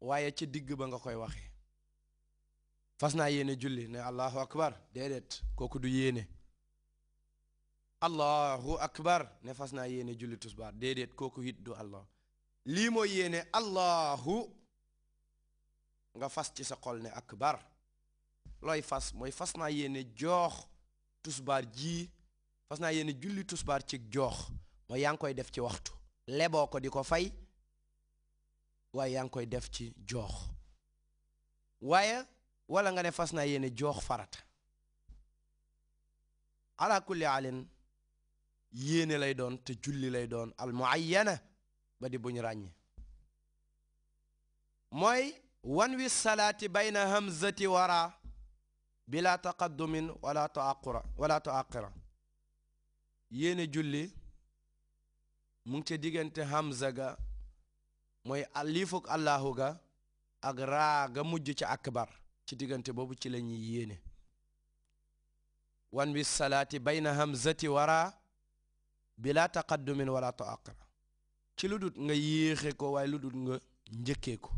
waaye ca digg ba nga koy waxee fas naa yéene julli ne allahu akbar déedéet kooku du yéene allahu akbar ne fas naa yéene julli tusbaar déedéet kooku it du allah lii mooy yéene allahu nga fas ci sa xol ne akbar looy fas mooy fas naa yéene joox tusbaar ji fas naa yéene julli tusbaar ci joox mooy yaa ngi koy def ci waxtu leboo ko di ko fay waaye yaa ngi koy def ci joox waaye wala nga ne fas na yéene joox farata ala kulli alin yéene lay doon te julli lay doon al muayyana ba di buñ ràññe mooy wan wi salaati bayna hamzati wara bila taqaddumin wala taaqura wala taaqira yéene julli mu ngi ca diggante hamza ga mooy aliifug allahu ga ak raa ga mujj ci akbar ci diggante boobu ci la ñuy yéene wan bi salaati bayna hamzati wara bila taqaddumin wala taaqara ci lu dut nga yéexe ko waaye lu dut nga njëkkee ko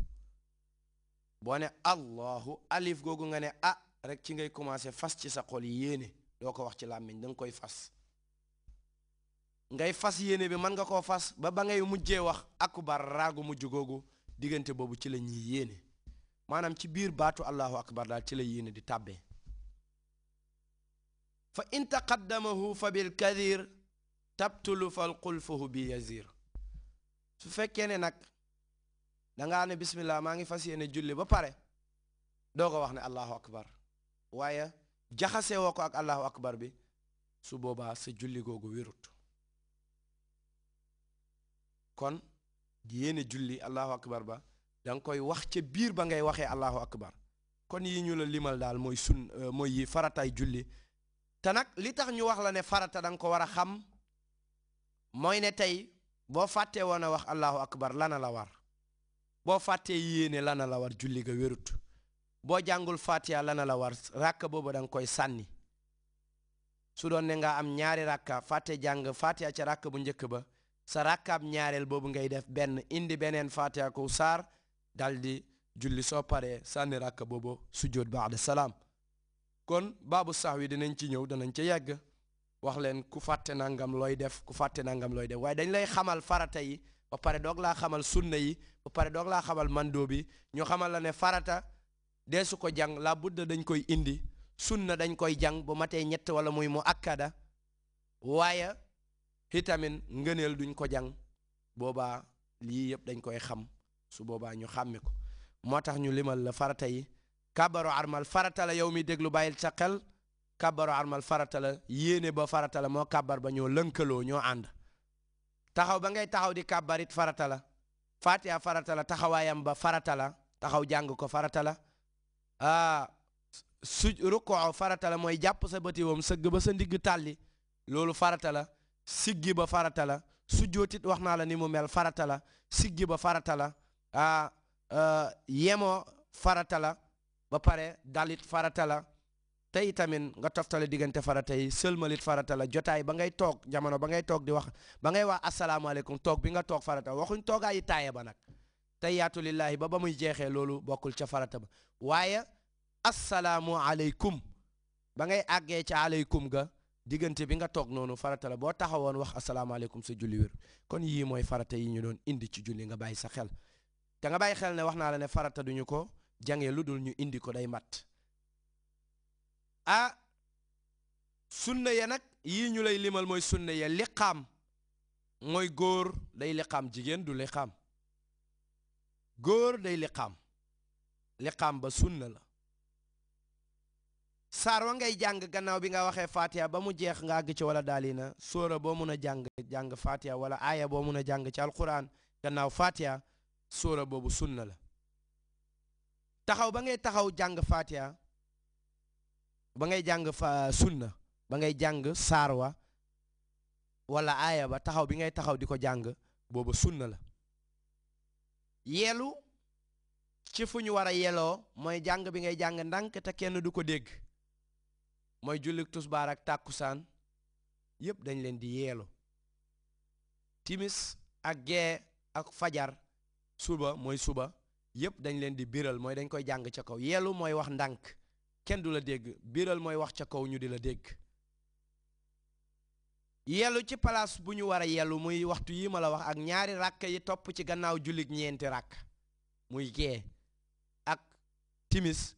boo ne allahu alif googu nga ne ah rek ci ngay commencé fas ci sa xool yéene doo ko wax ci làmmiñ da nga koy fas ngay fas yéene bi mën nga koo fas ba ba ngay mujjee wax akbar raagu mujj googu diggante boobu ci la ñuy yéene maanaam ci biir baatu allahu akbar daal ci la yéene di tàbbee fa in taqaddamahu fa bil kadir tabtulu fal xulfahu bi yazir su fekkee ne nag dangaa ne bismillah maa ngi fas yéene julli ba pare doo ko wax ne allahu akbar waaye jaxasewoo ko ak allahu akbar bi su boobaa sa julli googu wérut kon yéene julli allahu akbar ba danga koy wax ca biir ba ngay waxee allahu akbar kon yi ñu la limal daal mooy sun euh, mooy yi farataay julli te nag li tax ñu wax la ne farata danga ko war a xam mooy ne tey boo fàttee woon a wax allahu akbar lana la war boo fàttee yéene lana la war julli ga wérut boo jàngul fatiha lana la war ràkka booba danga koy sànni su doon ne nga am ñaari ràkka fàtte jàng fatiha ca ràkka bu njëkk ba sa rakkaab ñaareel boobu ngay def benn indi beneen fatiha ko saar daldi julli soo paree sànni rakka boobu sujjóot baada salaam kon baabu sax wi danañ ci ñëw danañ ca yàgg wax leen ku fàtte nangam looy def ku fàtte nangam looy def waaye dañ lay xamal farata yi ba pare doog laa xamal sunna yi ba pare doog laa xamal mandoo bi ñu xamal la ne farata deesu ko jàng la budda dañ koy indi sunna dañ koy jàng bu matee ñett wala muy mu akkada waaye itamit ngëneel duñ ko jàng booba lii yëpp dañ koy xam su boobaa ñu xàmme ko moo tax ñu limal la farata yi armal faratala la yow mi déglu bàyyil sa xel kàbbaru armal farata la yéene ba farata moo kabar ba ñoo lënkaloo ñoo ànd taxaw ba ngay taxaw di kabarit farata la faatiha farata la taxawaayam ba faratala taxaw jàng ko farata la ah su faratala mooy jàpp sa bëti woom sëgg ba sa ndigg tàlli loolu farata la siggi ba farata la sujjootit wax naa la ni mu mel farata la siggi ba faratala la ah ba pare dalit farata la tey tamit nga toftale diggante farata yi sëlmalit farata la jotaay ba ngay toog jamono ba ngay toog di wax ba ngay wax asalaamaaleykum toog bi nga toog farata waxuñ toogaa yi taaye ba nag tayyaatu lillahi ba ba muy jeexee loolu bokkul ca farata ba waaye asalaamualeykum ba ngay àggee ca aleykum ga diggante bi nga toog noonu farata la boo taxawoon wax asalaamaaleykum sa julli wér kon yii mooy farata yi ñu doon indi ci julli nga bàyyi sa xel te nga bàyyi xel ne wax naa la ne farata duñu ko jàngee lu dul ñu indi ko day mat a sunna ya nag yii ñu lay limal mooy sunna ya liqaam mooy góor day liqaam jigéen du liqaam góor day liqaam liqaam ba sunna la saar wa ngay jàng gannaaw bi nga waxee fatiha ba mu jeex nga àgg ci wala daalina sóora boo mën a jàng jàng fatiha wala aaya boo mun a jàng ci alquran gannaaw fatiha sóora boobu sunna la taxaw ba ngay taxaw jàng fatiha ba ngay jàng fa sunna ba ngay jàng saar wa wala aaya ba taxaw bi ngay taxaw di ko jàng boobu sunna la yelu ci fu ñu war a yeloo mooy jàng bi ngay jàng ndànk te kenn du ko dégg mooy jullik tusbaar ak tàkkusaan yépp dañ leen di yeelu timis ak gee ak fajar suba mooy suba yépp dañ leen di biral mooy dañ koy jàng ca kaw yeelu mooy wax ndànk kenn du la dégg biral mooy wax ca kaw ñu di la dégg yeelu ci palaas bu ñu war a yeelu muy waxtu yi ma la wax ak ñaari ràkk yi topp ci gannaaw jullik ñeenti ràkk muy gee ak timis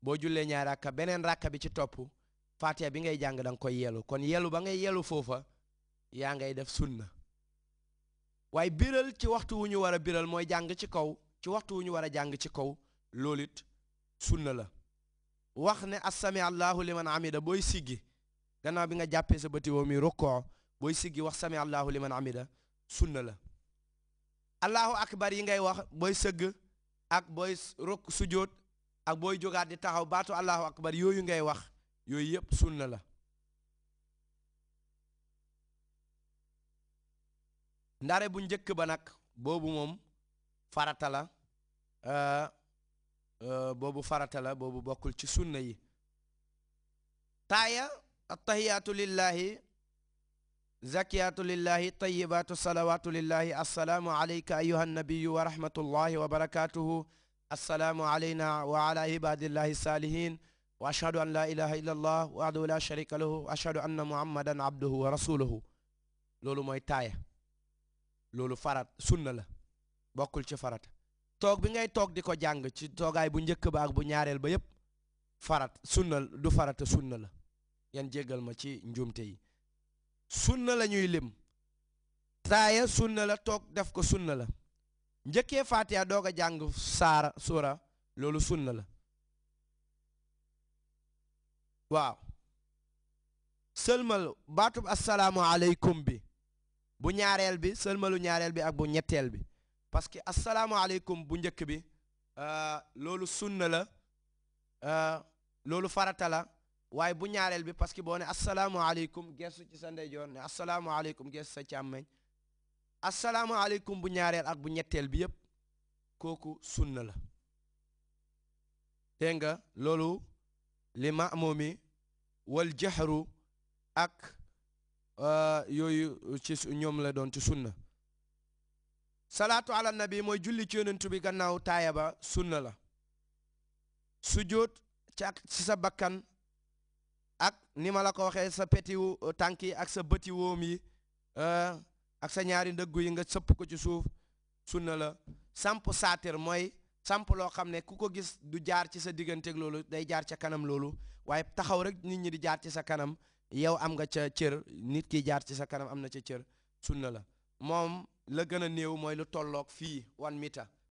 boo jullee ñaari ràkka beneen ràkka bi ci topp faatiha bi ngay jàng da koy yelu kon yelu ba ngay yelu foofa yaa ngay def sunna waaye biral ci waxtu wu ñu war a biral mooy jàng ci kaw ci waxtu wu ñu war a jàng ci kaw loolu it sunna la wax ne assami allahu liman amida booy siggi gannaaw bi nga jàppee sa bëti woo mi rukkoo booy siggi wax sami allahu liman amida sunna la allahu akbar yi ngay wax booy sëgg ak booy rukk sujoot ak booy jógaat di taxaw baatu allahu akbar yooyu ngay wax yooyu yëpp sunna la ndare bu njëkk ba nag boobu moom faratala la euh, euh, boobu farata boobu bokkul ci sunna yi taaya attahiyaatu lillahi zakiyaatu lillahi tayibaatu salawaatu lillahi assalaamu alayka ayuha nabiyu wa rahmatullahi wa barakatuhu assalaamu alayna wa ala ibadillahi saalihin wa ashhadu an laa ilaha illa allah wahdahu la sharika lahu wa ashhadu anna muhammadan abduhu wa rasuluhu loolu mooy taaya loolu farat sunna la bokkul ci farata toog bi ngay toog di ko jàng ci toogaay bu njëkk ba ak bu ñaareel ba yépp farat sunna du farata sunna la yan jéggal ma ci njuumte yi sunna la ñuy lim taaya sunna la toog def ko sunna la njëkkee faatiha doog a jàng saara suura loolu sunna la waaw sëlmal baatub asalaamualeykum bi bu ñaareel bi sëlmalu ñaareel bi ak bu ñetteel bi parce que asalaamualeykum bu njëkk bi euh, loolu sunna la euh, loolu farata la waaye bu ñaareel bi parce que boo ne asalaamualeykum geesu ci sa ndeyjoor ne asalaamualeykum geesu sa càmmeñ asalaamualeykum bu ñaareel ak bu ñetteel bi yëpp kooku sunna la dégg nga loolu li maamoo mi wal jaxru ak euh, yooyu ci ñoom la doon ci sunna salaatu ala nabi mooy julli ci yonentu bi gannaaw taaya ba sunna la sujjóot ci ci sa bakkan ak ni ma la ko waxee sa peti tànk yi ak sa bëti wóom yi euh, ak sa ñaari ndëggu yi nga sëpp ko ci suuf sunna la samp saatir mooy samp loo xam ne ku ko gis du jaar ci sa digganteeg loolu day jaar ca kanam loolu waaye taxaw rek nit ñi di jaar ci sa kanam yow am nga ca cër nit ki jaar ci sa kanam am na ca cër sunna la moom la gën a néew mooy lu tollook fii one mita